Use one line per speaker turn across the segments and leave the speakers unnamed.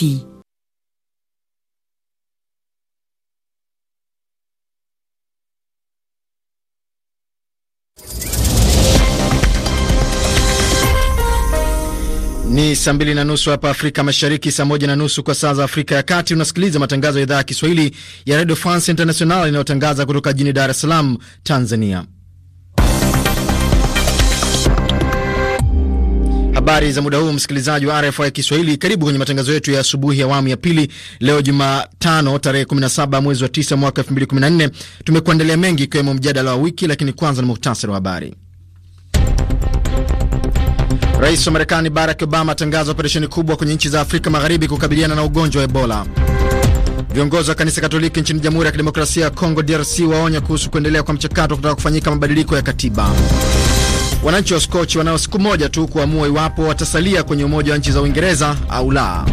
fille.
Ni saa mbili na nusu hapa Afrika Mashariki, saa moja na nusu kwa saa za Afrika ya Kati. Unasikiliza matangazo ya idhaa ya Kiswahili ya Radio France International inayotangaza kutoka jijini Dar es Salaam, Tanzania. Habari za muda huu, msikilizaji wa RFI Kiswahili, karibu kwenye matangazo yetu ya asubuhi ya awamu ya pili. Leo Jumatano tarehe 17 mwezi wa 9 mwaka 2014. Tumekuandalia mengi ikiwemo mjadala wa wiki, lakini kwanza ni muhtasari wa habari. Rais wa Marekani Barack Obama atangaza operesheni kubwa kwenye nchi za Afrika Magharibi kukabiliana na ugonjwa wa Ebola. Viongozi wa kanisa Katoliki nchini Jamhuri ya Kidemokrasia ya Kongo, DRC, waonya kuhusu kuendelea kwa mchakato kutaka kufanyika mabadiliko ya katiba. Wananchi wa Skochi wanao siku moja tu kuamua iwapo watasalia kwenye umoja wa nchi za Uingereza au la.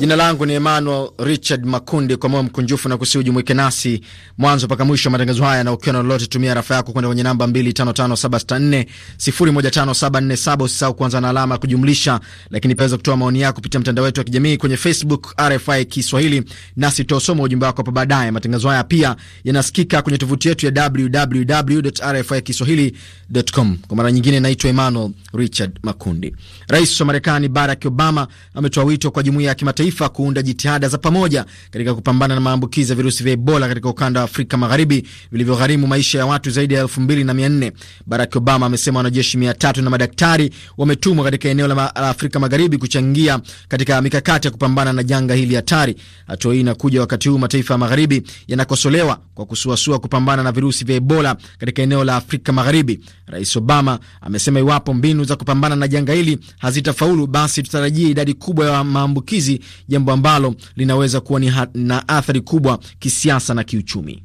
Jina langu ni Emmanuel Richard Makundi. Kwa moyo mkunjufu na kusi ujumuike nasi mwanzo mpaka mwisho wa matangazo haya, na ukiwa na lolote, tumia rafa yako kwenda kwenye namba 255764015747. Usisahau kuanza na alama ya kujumlisha, lakini paweza kutoa maoni yako kupitia mtandao wetu wa kijamii kwenye Facebook RFI Kiswahili, nasi tutasoma ujumbe wako hapo baadaye. Matangazo haya pia yanasikika kwenye tovuti yetu ya www.rfikiswahili.com. Kwa mara nyingine, naitwa Emmanuel Richard Makundi. Rais wa Marekani Barack Obama ametoa wito kwa jumuiya ya kimataifa kimataifa kuunda jitihada za pamoja katika kupambana na maambukizi ya virusi vya Ebola katika ukanda wa Afrika Magharibi vilivyogharimu maisha ya watu zaidi ya elfu mbili na mia nne. Barack Obama amesema wanajeshi mia tatu na madaktari wametumwa katika eneo la Afrika Magharibi kuchangia katika mikakati ya kupambana na janga hili hatari. Hatua hii inakuja wakati huu mataifa ya magharibi yanakosolewa kwa kusuasua kupambana na virusi vya Ebola katika eneo la Afrika Magharibi. Rais Obama amesema iwapo mbinu za kupambana na janga hili hazitafaulu, basi tutarajia idadi kubwa ya maambukizi jambo ambalo linaweza kuwa na athari kubwa kisiasa na kiuchumi.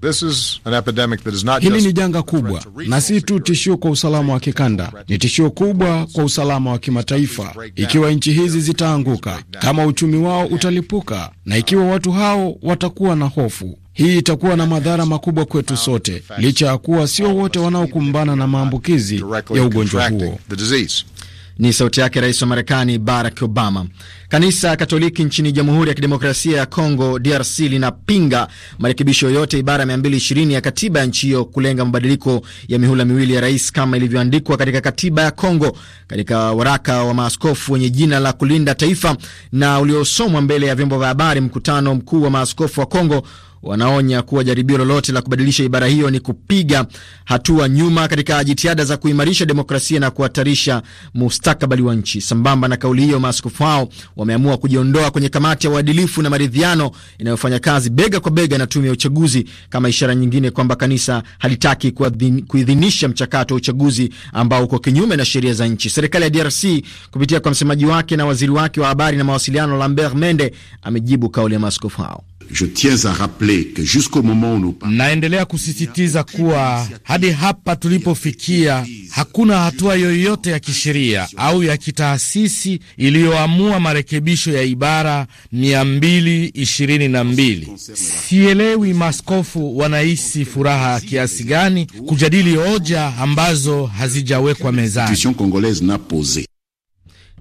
Hili ni janga kubwa,
na si tu tishio kwa usalama wa kikanda, ni tishio kubwa kwa usalama wa kimataifa. Ikiwa nchi hizi zitaanguka, kama uchumi wao utalipuka, na ikiwa watu hao watakuwa na hofu hii itakuwa na madhara makubwa kwetu sote, licha ya kuwa sio wote
wanaokumbana na maambukizi ya ugonjwa huo. Ni sauti yake rais wa Marekani Barack Obama. Kanisa Katoliki nchini Jamhuri ya Kidemokrasia ya Kongo DRC linapinga marekebisho yoyote ibara ya 220 ya katiba ya nchi hiyo kulenga mabadiliko ya mihula miwili ya rais kama ilivyoandikwa katika katiba ya Kongo. Katika waraka wa maaskofu wenye jina la kulinda taifa na uliosomwa mbele ya vyombo vya habari, mkutano mkuu wa maaskofu wa Kongo wanaonya kuwa jaribio lolote la kubadilisha ibara hiyo ni kupiga hatua nyuma katika jitihada za kuimarisha demokrasia na kuhatarisha mustakabali wa nchi. Sambamba na kauli hiyo, maaskofu hao wameamua kujiondoa kwenye kamati ya uadilifu na maridhiano inayofanya kazi bega kwa bega na tume ya uchaguzi kama ishara nyingine kwamba kanisa halitaki kuidhinisha mchakato wa uchaguzi ambao uko kinyume na sheria za nchi. Serikali ya DRC kupitia kwa msemaji wake na waziri wake wa habari na mawasiliano Lambert Mende amejibu kauli ya maaskofu hao.
Je
tiens à rappeler que jusqu'au moment où nous parlons,
naendelea kusisitiza kuwa hadi hapa
tulipofikia hakuna hatua yoyote ya kisheria au ya kitaasisi iliyoamua marekebisho ya ibara 222. Sielewi maskofu wanahisi furaha kiasi gani kujadili hoja ambazo hazijawekwa mezani.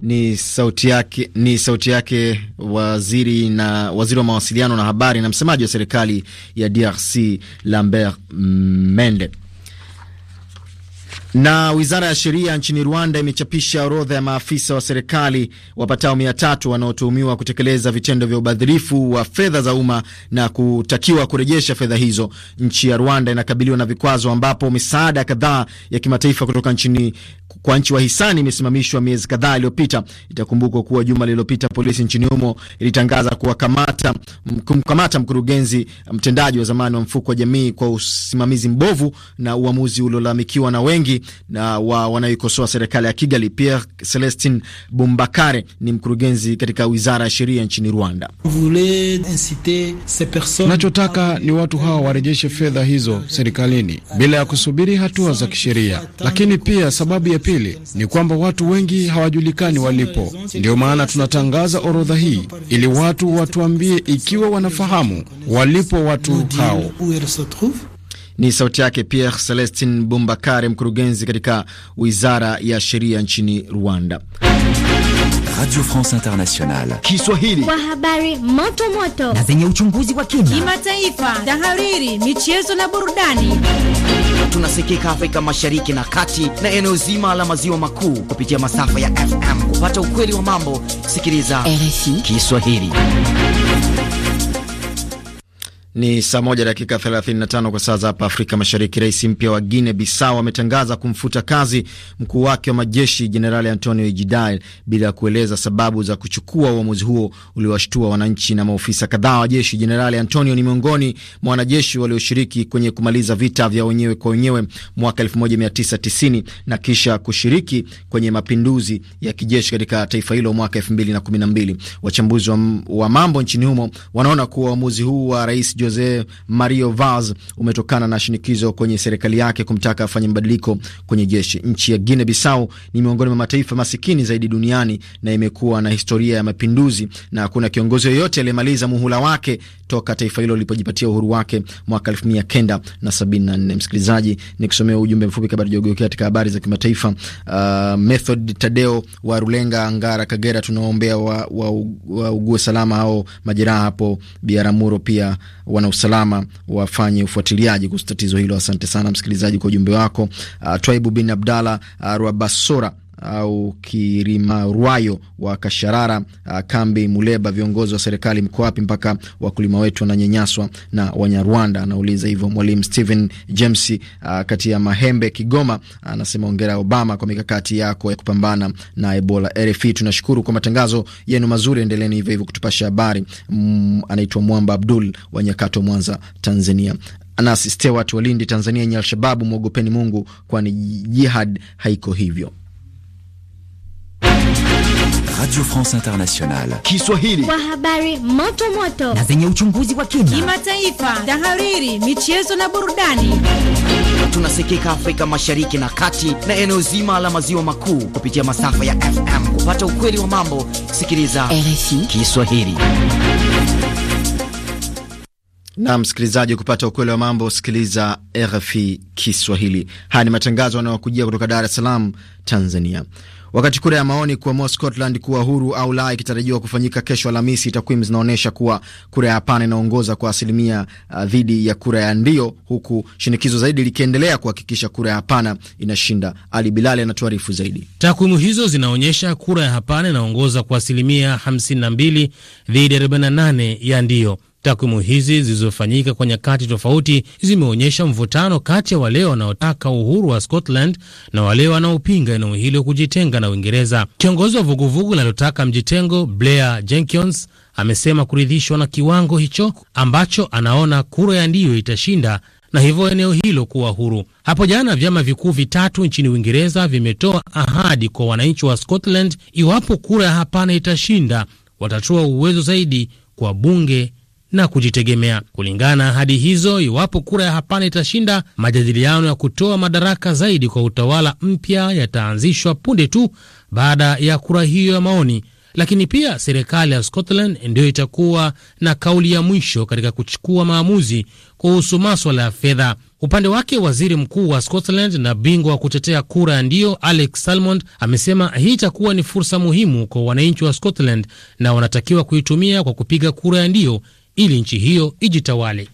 Ni sauti yake, ni sauti yake waziri, na waziri wa mawasiliano na habari na msemaji wa serikali ya DRC Lambert Mende. Na wizara ya sheria nchini Rwanda imechapisha orodha ya maafisa wa serikali wapatao mia tatu wanaotuhumiwa kutekeleza vitendo vya ubadhirifu wa fedha za umma na kutakiwa kurejesha fedha hizo. Nchi ya Rwanda inakabiliwa na vikwazo, ambapo misaada kadhaa ya kimataifa kutoka nchini kwa nchi wahisani imesimamishwa miezi kadhaa iliyopita. Itakumbukwa kuwa juma lililopita polisi nchini humo ilitangaza kuwakamata kumkamata mkurugenzi mtendaji wa zamani wa mfuko wa jamii kwa usimamizi mbovu na uamuzi uliolalamikiwa na wengi na wa wanaoikosoa serikali ya Kigali. Pierre Celestin Bombakare ni mkurugenzi katika wizara ya sheria nchini Rwanda.
Tunachotaka ni watu hawa warejeshe fedha hizo serikalini bila ya kusubiri hatua za kisheria. Lakini pia sababu ya pili ni kwamba watu wengi hawajulikani walipo, ndiyo maana tunatangaza orodha hii ili watu watuambie ikiwa wanafahamu
walipo watu hao. Ni sauti yake Pierre Celestin Bumbakare, mkurugenzi katika wizara ya sheria nchini Rwanda. Radio France Internationale Kiswahili
kwa habari moto moto na zenye uchunguzi wa
kina,
kimataifa, tahariri, michezo na burudani.
Tunasikika Afrika Mashariki na kati na eneo zima la maziwa makuu kupitia masafa ya FM. Kupata ukweli wa mambo, sikiliza RFI Kiswahili. Ni saa moja dakika 35 kwa saa za hapa Afrika Mashariki. Rais mpya wa Guine Bissau ametangaza kumfuta kazi mkuu wake wa majeshi Jenerali Antonio Ejidal bila ya kueleza sababu za kuchukua uamuzi huo uliowashtua wananchi na maofisa kadhaa wa jeshi. Jenerali Antonio ni miongoni mwa wanajeshi walioshiriki kwenye kumaliza vita vya wenyewe kwa wenyewe mwaka 1990 na kisha kushiriki kwenye mapinduzi ya kijeshi katika taifa hilo mwaka 2012. Wachambuzi wa mambo nchini humo wanaona kuwa uamuzi huu wa rais Jose Mario Vaz umetokana na shinikizo kwenye serikali yake kumtaka afanye mabadiliko kwenye jeshi. Nchi ya Guinea Bissau ni miongoni mwa mataifa masikini zaidi duniani na imekuwa na historia ya mapinduzi na hakuna kiongozi yoyote aliyemaliza muhula wake toka taifa hilo lilipojipatia uhuru wake mwaka elfu mia kenda na na sabini nne. Msikilizaji, ni kusomea ujumbe mfupi kabla tujageukea katika habari za kimataifa. Uh, Method Tadeo wa Rulenga Ngara, Kagera, tunawaombea waugue wa, wa, wa salama au majeraha hapo Biaramuro pia wanausalama wafanye ufuatiliaji kuhusu tatizo hilo. Asante sana msikilizaji kwa ujumbe wako. Uh, Twaibu bin Abdalla uh, ah, Rwabasora au Kirima Kirimarwayo wa Kasharara, uh, kambi Muleba. Viongozi wa serikali mko wapi? Mpaka wakulima wetu wananyanyaswa na Wanyarwanda, anauliza hivyo mwalimu Stephen James uh, kati ya Mahembe, Kigoma, anasema uh, ongera Obama kwa mikakati yako ya kupambana na Ebola. RFI tunashukuru kwa matangazo yenu mazuri, endeleni hivyo hivyo kutupasha habari. Mm, anaitwa Mwamba Abdul wa Nyakato, Mwanza, Tanzania. Anasi Stewart wa Lindi, Tanzania, yenye Alshababu mwogopeni Mungu, kwani jihad haiko hivyo Radio France Internationale Kiswahili
kwa habari moto moto na
zenye uchunguzi wa kina,
kimataifa, tahariri, michezo na burudani.
Tunasikika Afrika Mashariki na Kati na eneo zima la maziwa makuu kupitia masafa ya FM. Kupata ukweli wa mambo, sikiliza RFI Kiswahili. Na msikilizaji, kupata ukweli wa mambo, sikiliza RFI Kiswahili. Haya ni matangazo yanayokujia kutoka Dar es Salaam, Tanzania. Wakati kura ya maoni kuamua Scotland kuwa huru au la ikitarajiwa kufanyika kesho Alhamisi, takwimu zinaonyesha kuwa kura ya hapana inaongoza kwa asilimia uh, dhidi ya kura ya ndio, huku shinikizo zaidi likiendelea kuhakikisha kura ya hapana inashinda. Ali Bilali anatuarifu zaidi.
Takwimu hizo zinaonyesha kura ya hapana inaongoza kwa asilimia 52 dhidi ya 48 ya ndio. Takwimu hizi zilizofanyika kwa nyakati tofauti zimeonyesha mvutano kati ya wale wanaotaka uhuru wa Scotland na wale wanaopinga eneo hilo kujitenga na Uingereza. Kiongozi wa vuguvugu linalotaka mjitengo Blair Jenkins amesema kuridhishwa na kiwango hicho ambacho anaona kura ya ndiyo itashinda na hivyo eneo hilo kuwa huru. Hapo jana vyama vikuu vitatu nchini Uingereza vimetoa ahadi kwa wananchi wa Scotland, iwapo kura ya hapana itashinda, watatoa uwezo zaidi kwa bunge na kujitegemea. Kulingana na ahadi hizo, iwapo kura ya hapana itashinda, majadiliano ya kutoa madaraka zaidi kwa utawala mpya yataanzishwa punde tu baada ya kura hiyo ya maoni. Lakini pia serikali ya Scotland ndiyo itakuwa na kauli ya mwisho katika kuchukua maamuzi kuhusu maswala ya fedha. Upande wake, waziri mkuu wa Scotland na bingwa wa kutetea kura ya ndio Alex Salmond amesema hii itakuwa ni fursa muhimu kwa wananchi wa Scotland na wanatakiwa kuitumia kwa kupiga kura ya ndio ili nchi hiyo ijitawale.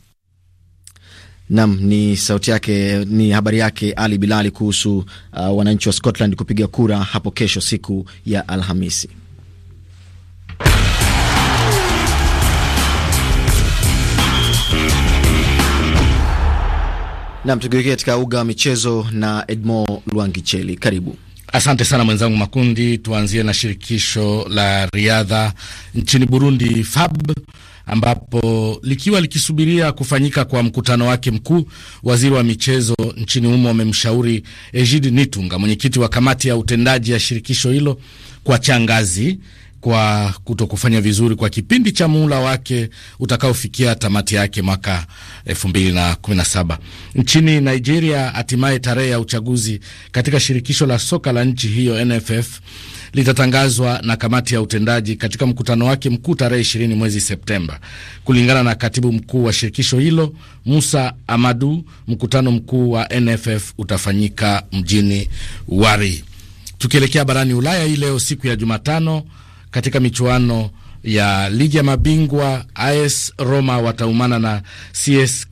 Nam ni sauti yake, ni habari yake Ali Bilali kuhusu uh, wananchi wa Scotland kupiga kura hapo kesho, siku ya Alhamisi. Nam tugeukia katika uga wa michezo na Edmo Lwangicheli, karibu. Asante sana mwenzangu Makundi. Tuanzie na shirikisho
la riadha nchini Burundi, FAB ambapo likiwa likisubiria kufanyika kwa mkutano wake mkuu, waziri wa michezo nchini humo amemshauri Ejid Nitunga, mwenyekiti wa kamati ya utendaji ya shirikisho hilo, kwa ngazi kwa kutokufanya vizuri kwa kipindi cha muhula wake utakaofikia tamati yake mwaka 2017. Nchini Nigeria, hatimaye tarehe ya uchaguzi katika shirikisho la soka la nchi hiyo NFF litatangazwa na kamati ya utendaji katika mkutano wake mkuu tarehe 20 mwezi Septemba. Kulingana na katibu mkuu wa shirikisho hilo Musa Amadu, mkutano mkuu wa NFF utafanyika mjini Wari. Tukielekea barani Ulaya hii leo siku ya Jumatano katika michuano ya ligi ya mabingwa. AS Roma wataumana na CS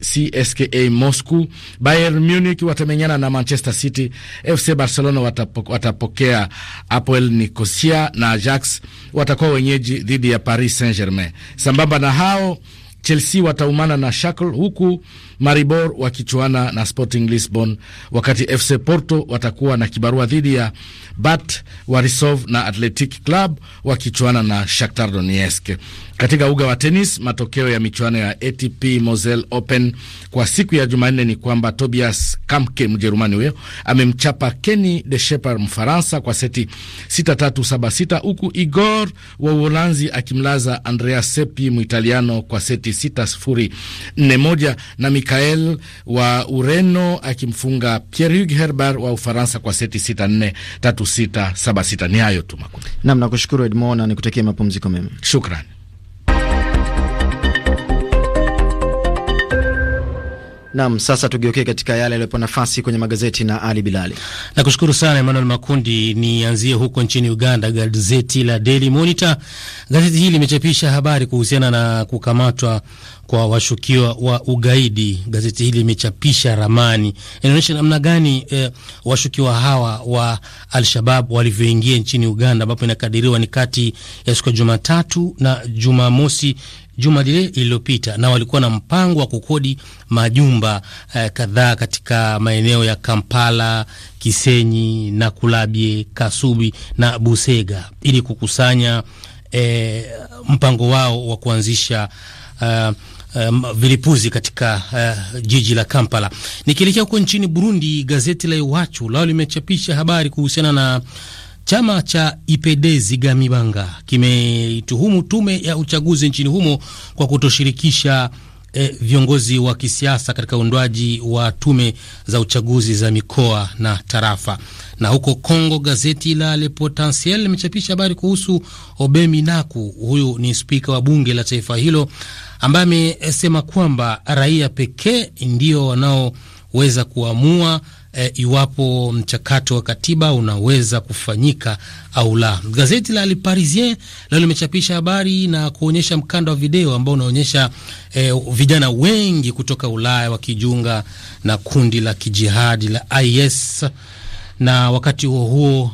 CSKA Moscow. Bayern Munich watamenyana na Manchester City. FC Barcelona watapo, watapokea Apoel Nicosia na Ajax watakuwa wenyeji dhidi ya Paris Saint Germain. Sambamba na hao Chelsea wataumana na Shakhtar huku Maribor wakichuana na Sporting Lisbon, wakati FC Porto watakuwa na kibarua dhidi ya Bat Warisov na Athletic Club wakichuana na Shakhtar Donetsk. Katika uga wa tenis, matokeo ya michuano ya ATP Moselle Open kwa siku ya Jumanne ni kwamba Tobias Kamke Mjerumani huyo amemchapa Kenny de Shepherd Mfaransa kwa seti 6376 huku Igor wa Uholanzi akimlaza Andrea Sepi Mwitaliano kwa seti sita sifuri nne moja na Mikael wa Ureno akimfunga Pierre Hug Herbert wa Ufaransa kwa seti sita nne tatu sita saba Ni hayo tu makundi nam. Nakushukuru
Edmona, nikutakia mapumziko mema. Shukran. Nam, sasa tugeukee katika yale yaliyopo nafasi kwenye magazeti
na Ali Bilali. Nakushukuru sana Emmanuel Makundi. Nianzie huko nchini Uganda, gazeti la Daily Monitor. Gazeti hili limechapisha habari kuhusiana na kukamatwa kwa washukiwa wa ugaidi. Gazeti hili limechapisha ramani, inaonyesha namna gani eh, washukiwa hawa wa alshabab walivyoingia nchini Uganda, ambapo inakadiriwa ni kati ya siku ya Jumatatu na Jumamosi juma lile lililopita, na walikuwa na mpango wa kukodi majumba eh, kadhaa katika maeneo ya Kampala, Kisenyi, Nakulabye, Kasubi na Busega ili kukusanya eh, mpango wao wa kuanzisha eh, Um, vilipuzi katika uh, jiji la Kampala. Nikielekea huko nchini Burundi, gazeti la Iwachu lao limechapisha habari kuhusiana na Chama cha IPD Zigamibanga kimeituhumu tume ya uchaguzi nchini humo kwa kutoshirikisha E, viongozi wa kisiasa katika uundwaji wa tume za uchaguzi za mikoa na tarafa. Na huko congo gazeti la Le Potentiel limechapisha habari kuhusu Obemi Naku, huyu ni spika wa bunge la taifa hilo ambaye amesema kwamba raia pekee ndio wanaoweza kuamua e, iwapo mchakato wa katiba unaweza kufanyika au la. Gazeti la Le Parisien leo limechapisha habari na kuonyesha mkanda wa video ambao unaonyesha e, vijana wengi kutoka Ulaya wakijiunga na kundi la kijihadi la IS na wakati huo huo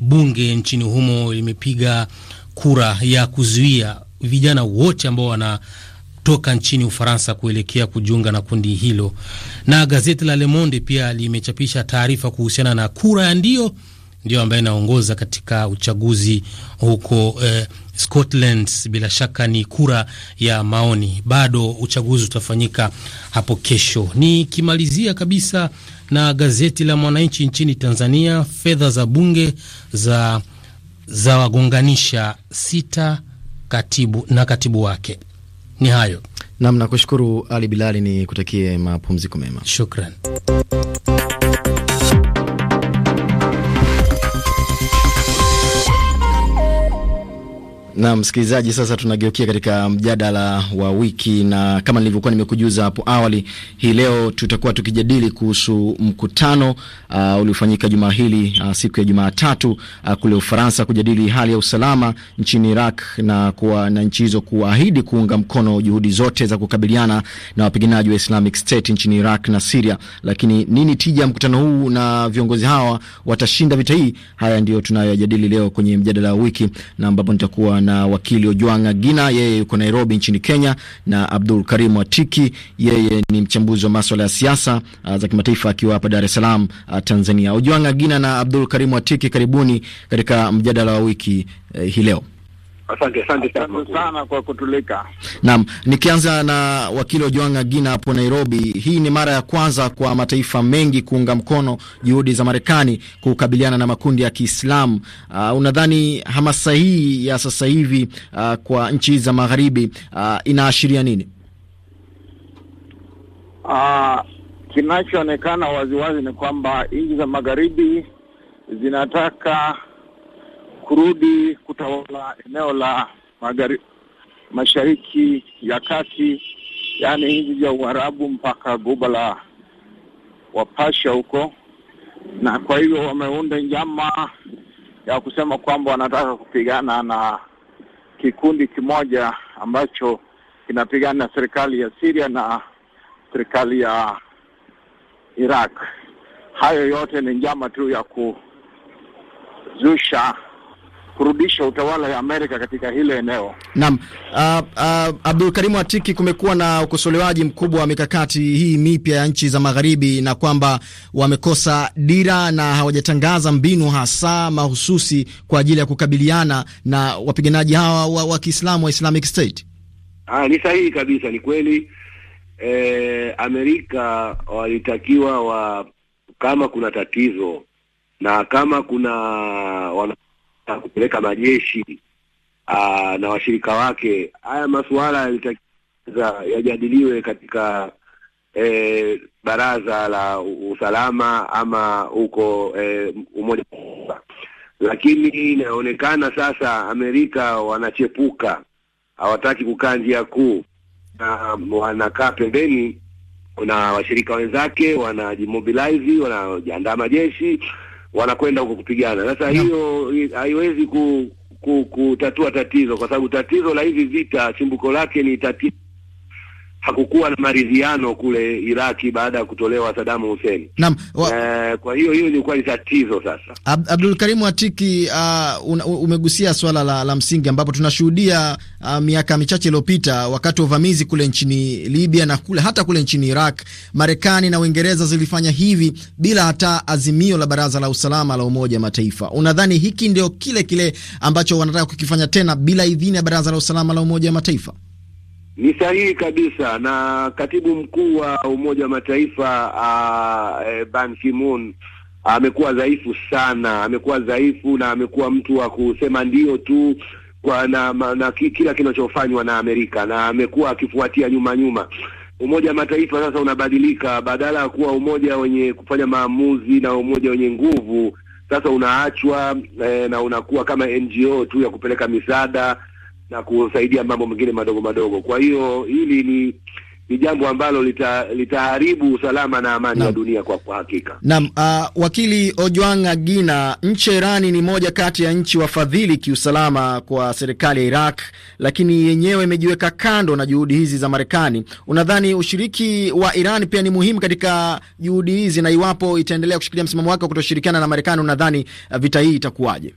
bunge nchini humo limepiga kura ya kuzuia vijana wote ambao wana kutoka nchini Ufaransa kuelekea kujiunga na kundi hilo. Na gazeti la Le Monde pia limechapisha taarifa kuhusiana na kura ya ndio ndio ambaye inaongoza katika uchaguzi huko eh, Scotland. Bila shaka ni kura ya maoni. Bado uchaguzi utafanyika hapo kesho. Nikimalizia kabisa na gazeti la Mwananchi nchini Tanzania, fedha za bunge za za wagonganisha sita katibu na katibu wake ni hayo nam.
Nakushukuru Ali Bilali, ni kutakie mapumziko mema, shukran. Na msikilizaji, sasa tunageukia katika mjadala wa wiki, na kama nilivyokuwa nimekujuza hapo awali, hii leo tutakuwa tukijadili kuhusu mkutano uh, uliofanyika juma hili uh, siku ya Jumatatu uh, kule Ufaransa kujadili hali ya usalama nchini Iraq na kuwa, na nchi hizo kuahidi kuunga mkono juhudi zote za kukabiliana na wapiganaji wa Islamic State nchini Iraq na Syria. Lakini nini tija ya mkutano huu na viongozi hawa watashinda vita hii? Haya ndiyo tunayojadili leo kwenye mjadala wa wiki na ambapo nitakuwa na wakili Ojwanga Gina, yeye yuko Nairobi nchini Kenya, na Abdul Karim Atiki, yeye ni mchambuzi wa maswala ya siasa ah, za kimataifa akiwa hapa Dar es Salaam, ah, Tanzania. Ojwanga Gina na Abdul Karim Atiki, karibuni katika mjadala wa wiki eh, hii leo.
Asante, asante sana kwa kutulika.
Naam, nikianza na wakili wa Juanga Gina hapo Nairobi, hii ni mara ya kwanza kwa mataifa mengi kuunga mkono juhudi za Marekani kukabiliana na makundi ya Kiislamu. Uh, unadhani hamasa hii ya sasa hivi uh, kwa nchi za magharibi uh, inaashiria nini?
Uh, kinachoonekana waziwazi ni kwamba nchi za magharibi zinataka kurudi kutawala eneo la magari, mashariki ya kati, yaani hizi za Uarabu mpaka guba la Wapasha huko, na kwa hivyo wameunda njama ya kusema kwamba wanataka kupigana na kikundi kimoja ambacho kinapigana na serikali ya Syria na serikali ya Iraq. Hayo yote ni njama tu ya kuzusha kurudisha utawala ya Amerika katika hilo eneo.
Naam. Uh, uh, Abdul Karimu Atiki, kumekuwa na ukosolewaji mkubwa wa mikakati hii mipya ya nchi za magharibi na kwamba wamekosa dira na hawajatangaza mbinu hasa mahususi kwa ajili ya kukabiliana na wapiganaji hawa wa, wa Kiislamu wa Islamic State.
Ah, ni sahihi kabisa, ni kweli. E, Amerika walitakiwa wa kama kuna tatizo na kama kuna wana na kupeleka majeshi aa, ah, na washirika wake. Haya masuala yajadiliwe katika e, baraza la usalama ama huko e, umoja, lakini inaonekana sasa Amerika wanachepuka, hawataki kukaa njia kuu na wanakaa pembeni. Kuna washirika wenzake wanajimobilize, wanajiandaa majeshi wanakwenda huko kupigana. Sasa hiyo haiwezi ku, ku, kutatua tatizo, kwa sababu tatizo la hivi vita chimbuko lake ni tatizo hakukuwa na maridhiano kule Iraki baada ya kutolewa Saddam Hussein. Naam, wa... e, kwa hiyo hiyo ilikuwa ni tatizo sasa.
Ab Abdul Karimu Atiki, uh, ah, umegusia swala la, la msingi ambapo tunashuhudia uh, miaka michache iliyopita wakati wa uvamizi kule nchini Libya na kule hata kule nchini Iraq, Marekani na Uingereza zilifanya hivi bila hata azimio la Baraza la Usalama la Umoja Mataifa. Unadhani hiki ndio kile kile ambacho wanataka kukifanya tena bila idhini ya Baraza la Usalama la Umoja Mataifa?
Ni sahihi kabisa, na katibu mkuu wa Umoja wa Mataifa uh, Ban Ki-moon amekuwa dhaifu sana, amekuwa dhaifu na amekuwa mtu wa kusema ndio tu kwa na, na, na kila kinachofanywa na Amerika, na amekuwa akifuatia nyuma nyuma. Umoja wa Mataifa sasa unabadilika, badala ya kuwa umoja wenye kufanya maamuzi na umoja wenye nguvu, sasa unaachwa eh, na unakuwa kama NGO tu ya kupeleka misaada na kusaidia mambo mengine madogo madogo. Kwa hiyo hili ni ni jambo ambalo litaharibu lita usalama na amani ya dunia kwa, kwa hakika.
Naam. Uh, wakili Ojwang Agina, nchi ya Irani ni moja kati ya nchi wafadhili kiusalama kwa serikali ya Iraq, lakini yenyewe imejiweka kando na juhudi hizi za Marekani. Unadhani ushiriki wa Iran pia ni muhimu katika juhudi hizi, na iwapo itaendelea kushikilia msimamo wake wa kutoshirikiana na Marekani, unadhani uh, vita hii itakuwaje?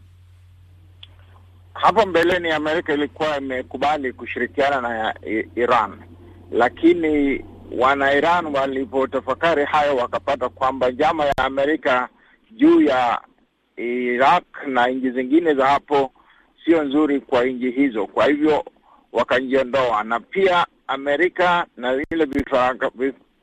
hapo
mbeleni Amerika ilikuwa imekubali kushirikiana na Iran, lakini wana Iran walipotafakari hayo wakapata kwamba njama ya Amerika juu ya Iraq na nchi zingine za hapo sio nzuri kwa nchi hizo, kwa hivyo wakajiondoa. Na pia Amerika na vile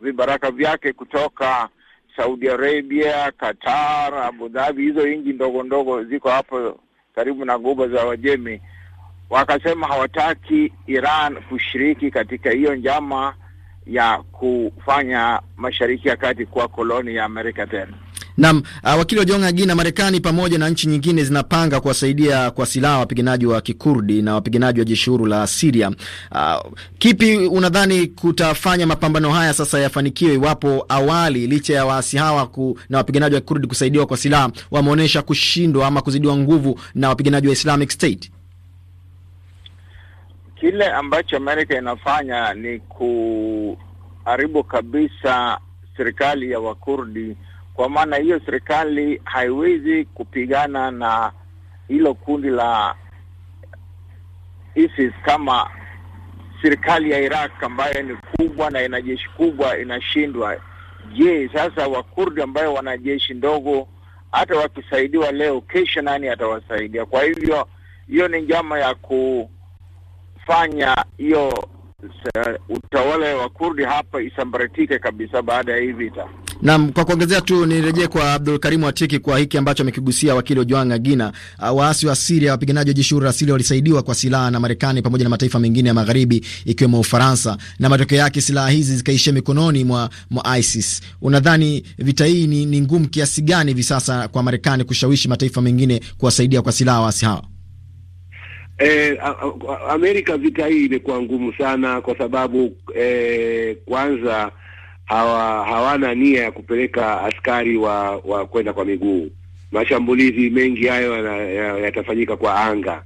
vibaraka, vyake kutoka Saudi Arabia, Qatar, Abu Dhabi, hizo nchi ndogo ndogo ziko hapo karibu na guba za wajemi wakasema hawataki Iran kushiriki katika hiyo njama ya kufanya Mashariki ya Kati kuwa koloni ya Amerika tena
nam uh, wakili wa Jonga Gina, Marekani pamoja na nchi nyingine zinapanga kuwasaidia kwa silaha wapiganaji wa Kikurdi na wapiganaji wa jeshi huru la Siria. Uh, kipi unadhani kutafanya mapambano haya sasa yafanikiwe iwapo awali licha ya waasi hawa ku, na wapiganaji wa Kikurdi kusaidiwa kwa silaha wameonyesha kushindwa ama kuzidiwa nguvu na wapiganaji wa Islamic State?
Kile ambacho Amerika inafanya ni kuharibu kabisa serikali ya Wakurdi kwa maana hiyo, serikali haiwezi kupigana na hilo kundi la ISIS kama serikali ya Iraq ambayo ni kubwa na ina jeshi kubwa inashindwa. Je, sasa Wakurdi ambayo wana jeshi ndogo, hata wakisaidiwa leo, kesho nani atawasaidia? Kwa hivyo hiyo ni njama ya kufanya hiyo uh, utawala wa Kurdi hapa isambaratike kabisa baada ya hii vita.
Naam, kwa kuongezea tu nirejee kwa Abdul Karimu Atiki kwa hiki ambacho amekigusia wakili Ojwang Agina. Ah, waasi wa Siria, wapiganaji wa jeshi huru la walisaidiwa kwa silaha na Marekani pamoja na mataifa mengine ya magharibi ikiwemo Ufaransa, na matokeo yake silaha hizi zikaishia mikononi mwa, mwa ISIS. Unadhani vita hii ni, ni ngumu kiasi gani hivi sasa kwa Marekani kushawishi mataifa mengine kuwasaidia kwa silaha waasi hawa?
Eh, Amerika vita hii imekuwa ngumu sana kwa sababu eh, kwanza hawa, hawana nia ya kupeleka askari wa, wa kwenda kwa miguu. Mashambulizi mengi hayo yatafanyika ya, ya kwa anga,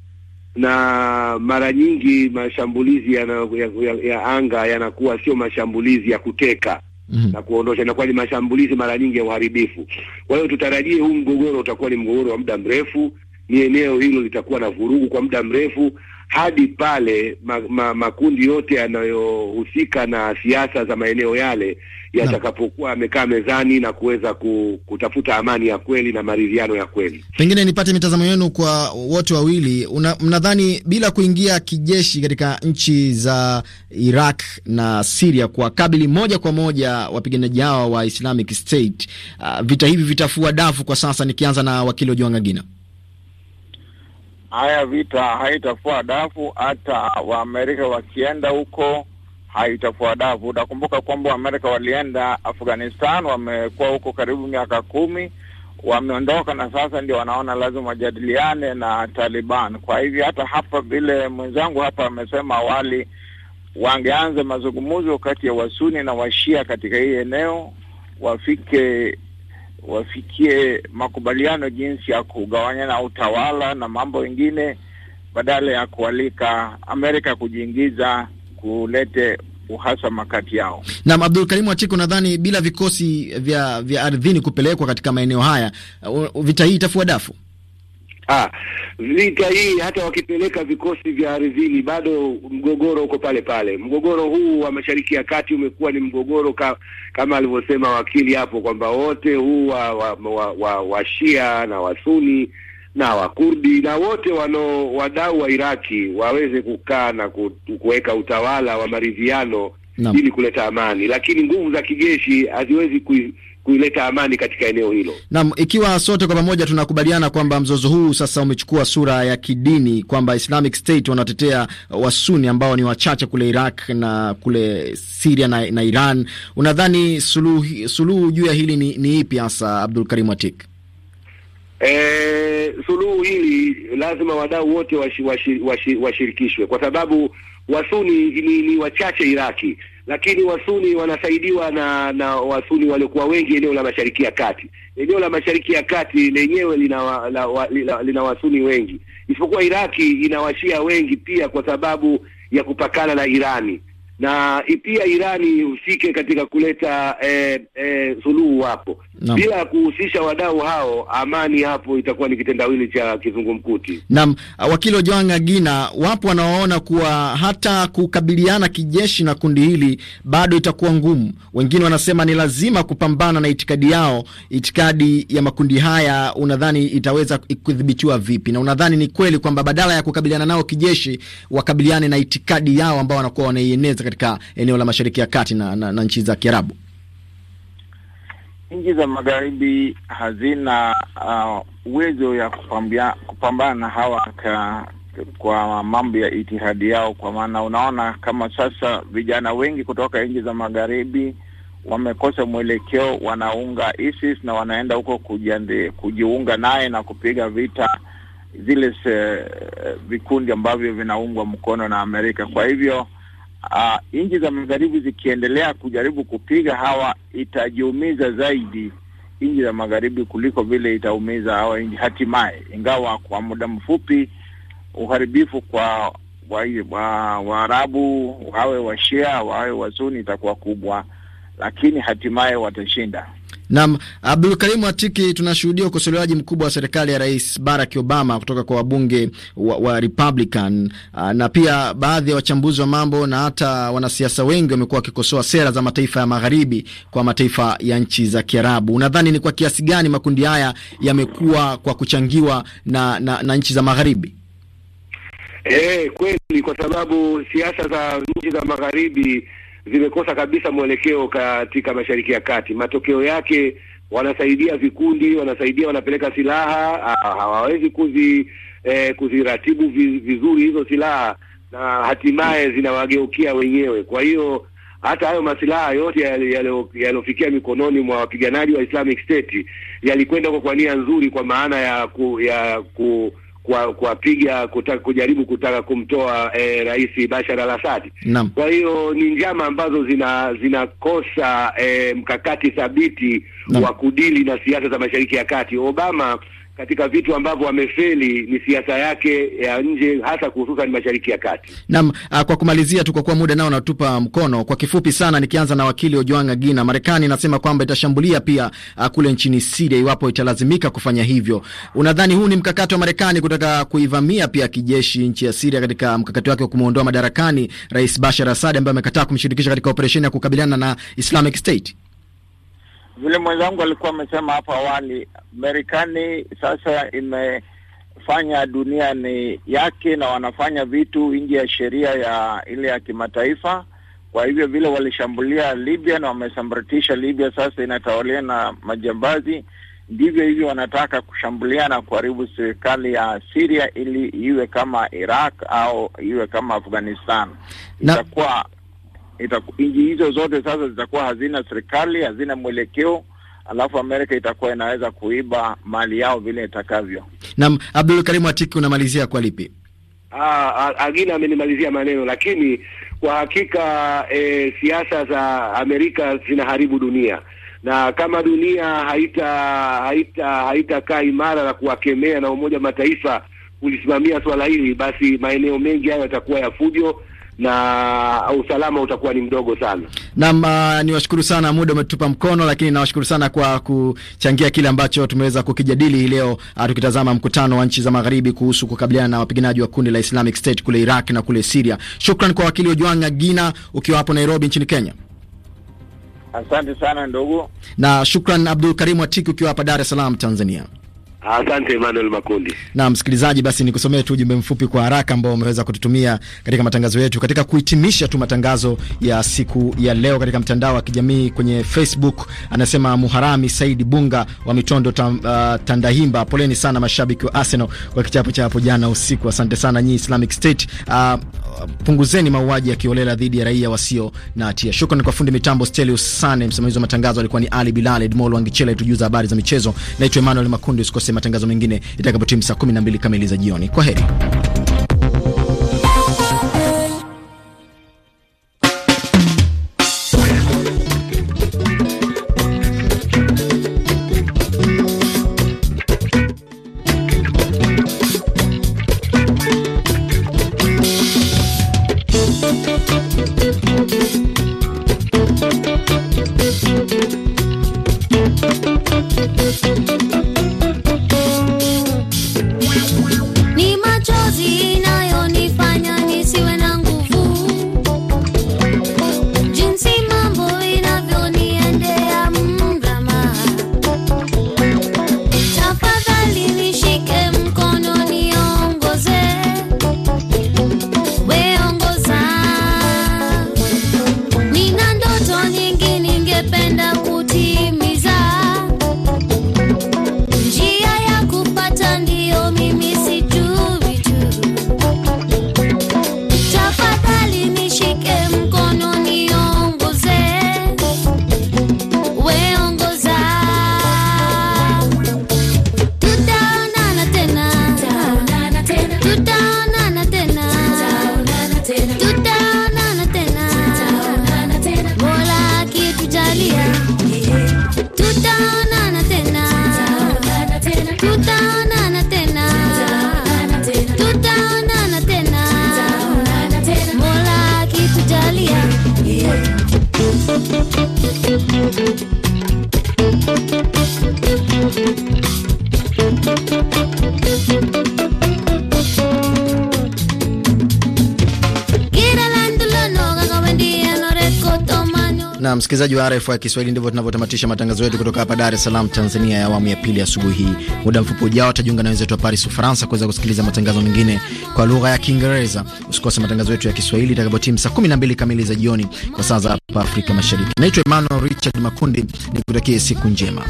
na mara nyingi mashambulizi ya, ya, ya, ya anga yanakuwa sio mashambulizi ya kuteka Mm -hmm. na kuondosha inakuwa ni mashambulizi mara nyingi ya uharibifu. Kwa hiyo tutarajie huu mgogoro utakuwa ni mgogoro wa muda mrefu, ni eneo hilo litakuwa na vurugu kwa muda mrefu, hadi pale ma, ma, makundi yote yanayohusika na siasa za maeneo yale yatakapokuwa amekaa mezani na kuweza kutafuta amani ya kweli na maridhiano ya kweli.
Pengine nipate mitazamo yenu kwa wote wawili. Mnadhani bila kuingia kijeshi katika nchi za Iraq na Siria kwa kabili moja kwa moja wapiganaji hawa wa Islamic State, uh, vita hivi vitafua dafu kwa sasa? Nikianza na wakili Ojwang'agina
haya vita haitafua dafu, hata Waamerika wakienda huko haitafua dafu. Utakumbuka kwamba Waamerika walienda Afghanistan, wamekuwa huko karibu miaka kumi, wameondoka na sasa ndio wanaona lazima wajadiliane na Taliban. Kwa hivyo hata hapa vile mwenzangu hapa amesema awali, wangeanza mazungumzo kati ya Wasuni na Washia katika hii eneo, wafike wafikie makubaliano jinsi ya kugawanya na utawala na mambo mengine, badala ya kualika Amerika kujiingiza kulete uhasama kati yao.
Naam, Abdul Karim Wachiko, nadhani bila vikosi vya, vya ardhini kupelekwa katika maeneo haya uh, vita hii itafua dafu
vita ah, hii hata wakipeleka vikosi vya ardhini bado mgogoro uko pale pale. Mgogoro huu wa Mashariki ya Kati umekuwa ni mgogoro ka, kama alivyosema wakili hapo kwamba wote huu wa, wa, wa, wa, wa Shia na Wasuni na Wakurdi na wote wanao wadau wa Iraki waweze kukaa na kuweka utawala wa maridhiano ili kuleta amani, lakini nguvu za kijeshi haziwezi kui kuileta amani katika eneo hilo.
Naam, ikiwa sote kwa pamoja tunakubaliana kwamba mzozo huu sasa umechukua sura ya kidini, kwamba Islamic State wanatetea Wasuni ambao ni wachache kule Iraq na kule Siria na, na Iran, unadhani suluhu suluhu juu ya hili ni, ni ipi hasa, Abdul Karim watik
E, eh, suluhu hili lazima wadau wote washirikishwe washi, washi, washi, kwa sababu Wasuni ni, ni wachache Iraki lakini wasuni wanasaidiwa na na wasuni waliokuwa wengi eneo la Mashariki ya Kati. Eneo la Mashariki ya Kati lenyewe lina, wa, la, wa, lina, lina wasuni wengi, isipokuwa Iraki ina washia wengi pia, kwa sababu ya kupakana na Irani na pia Irani ihusike katika kuleta eh, eh, suluhu hapo. Naam. Bila ya kuhusisha wadau hao, amani hapo itakuwa ni kitendawili cha kizungumkuti.
Naam, uh, wakili Ojwang' Agina, wapo wanaoona kuwa hata kukabiliana kijeshi na kundi hili bado itakuwa ngumu. Wengine wanasema ni lazima kupambana na itikadi yao. Itikadi ya makundi haya unadhani itaweza kudhibitiwa vipi, na unadhani ni kweli kwamba badala ya kukabiliana nao kijeshi wakabiliane na itikadi yao ambao wanakuwa wanaieneza katika eneo la Mashariki ya Kati na, na, na nchi za Kiarabu?
nchi za magharibi hazina uh, uwezo ya kupambia, kupambana na hawa ka, kwa mambo ya itihadi yao, kwa maana unaona kama sasa vijana wengi kutoka nchi za magharibi wamekosa mwelekeo, wanaunga ISIS na wanaenda huko kujiunga naye na kupiga vita zile se, vikundi ambavyo vinaungwa mkono na Amerika. Kwa hivyo uh, nchi za magharibi zikiendelea kujaribu kupiga hawa, itajiumiza zaidi nchi za magharibi kuliko vile itaumiza hawa nchi hatimaye, ingawa kwa muda mfupi uharibifu kwa Waarabu wa, wa wawe Washia wawe Wasuni itakuwa kubwa, lakini hatimaye watashinda.
Naam, Abdul Karim Atiki, tunashuhudia ukosolewaji mkubwa wa serikali ya Rais Barack Obama kutoka kwa wabunge wa, wa Republican ah, na pia baadhi ya wachambuzi wa mambo na hata wanasiasa wengi wamekuwa wakikosoa sera za mataifa ya magharibi kwa mataifa ya nchi za Kiarabu. Unadhani ni kwa kiasi gani makundi haya yamekuwa kwa kuchangiwa na, na, na nchi za magharibi?
Eh, kweli kwa sababu siasa za nchi za magharibi zimekosa kabisa mwelekeo katika Mashariki ya Kati. Matokeo yake wanasaidia vikundi, wanasaidia, wanapeleka silaha, hawawezi kuzi eh, kuziratibu vizuri hizo silaha, na hatimaye zinawageukia wenyewe. Kwa hiyo hata hayo masilaha yote yaliyofikia mikononi mwa wapiganaji wa Islamic State yalikwenda kwa kwa nia nzuri, kwa maana ya ku, ya ku kuwapiga kutaka kujaribu kutaka kumtoa e, Rais Bashar al-Assad. Kwa hiyo ni njama ambazo zina zinakosa e, mkakati thabiti wa kudili na siasa za Mashariki ya Kati. Obama katika vitu ambavyo wamefeli ni siasa yake ya nje, hasa hususan mashariki ya kati.
Naam, ah, kwa kumalizia tu, kwa kuwa muda nao unatupa mkono, kwa kifupi sana, nikianza na wakili Ojwanga Gina, Marekani inasema kwamba itashambulia pia ah, kule nchini Siria iwapo italazimika kufanya hivyo. Unadhani huu ni mkakati wa Marekani kutaka kuivamia pia kijeshi nchi ya Siria katika mkakati wake wa kumwondoa madarakani Rais Bashar Assad ambaye amekataa kumshirikisha katika operesheni ya kukabiliana na Islamic State?
vile mwenzangu alikuwa amesema hapo awali, Marekani sasa imefanya dunia ni yake na wanafanya vitu nje ya sheria ya ile ya kimataifa. Kwa hivyo vile walishambulia Libya na wamesambaratisha Libya, sasa inatawaliwa na majambazi. Ndivyo hivyo wanataka kushambulia na kuharibu serikali ya Syria ili iwe kama Iraq au iwe kama Afghanistan, itakuwa nchi hizo zote sasa zitakuwa hazina serikali, hazina mwelekeo, alafu Amerika itakuwa inaweza kuiba
mali yao vile itakavyo.
Naam, Abdul Karimu Atiki, unamalizia kwa lipi?
Ah, ah, Agina amenimalizia maneno, lakini kwa hakika e, siasa za Amerika zinaharibu dunia na kama dunia haita haita haitakaa imara na kuwakemea na Umoja Mataifa kulisimamia swala hili, basi maeneo mengi hayo yatakuwa ya fujo na usalama utakuwa ni mdogo sana.
Naam, uh, niwashukuru sana, muda umetupa mkono, lakini nawashukuru sana kwa kuchangia kile ambacho tumeweza kukijadili leo, uh, tukitazama mkutano wa nchi za magharibi kuhusu kukabiliana na wapiganaji wa kundi la Islamic State kule Iraq na kule Syria. Shukran kwa wakili Ojwanga Gina ukiwa hapo Nairobi nchini Kenya.
Asante sana ndugu,
na shukran Abdul Karim Atiki ukiwa hapa Dar es Salaam Tanzania.
Asante Emmanuel Makundi.
Na msikilizaji, basi nikusomee tu ujumbe mfupi kwa haraka ambao umeweza kututumia katika matangazo yetu. Katika kuhitimisha tu matangazo ya siku ya leo katika mtandao wa kijamii kwenye Facebook, anasema Muharami Saidi Bunga wa Mitondo tam, uh, Tandahimba, poleni sana mashabiki wa Arsenal kwa kichapo cha hapo jana usiku. Asante sana nyi Islamic State. Uh, punguzeni mauaji ya kiolela dhidi ya raia wasio na hatia. Shukrani kwa fundi mitambo Stelius Sane, msimamizi wa matangazo alikuwa ni Ali Bilal Edmol Wangichela, tujuza habari za michezo. Naitwa Emmanuel Makundi, usikose matangazo mengine itakapotimu saa 12 kamili za jioni. Kwa heri. na msikilizaji wa RFI Kiswahili, ndivyo tunavyotamatisha matangazo yetu kutoka hapa Dar es Salaam, Tanzania, ya awamu ya pili asubuhi hii. Muda mfupi ujao utajiunga na wenzetu wa Paris, Ufaransa, kuweza kusikiliza matangazo mengine kwa lugha ya Kiingereza. Usikose matangazo yetu ya Kiswahili itakapotimu saa 12 kamili za jioni kwa saa za hapa Afrika Mashariki. Naitwa Emmanuel Richard Makundi, nikutakie siku njema.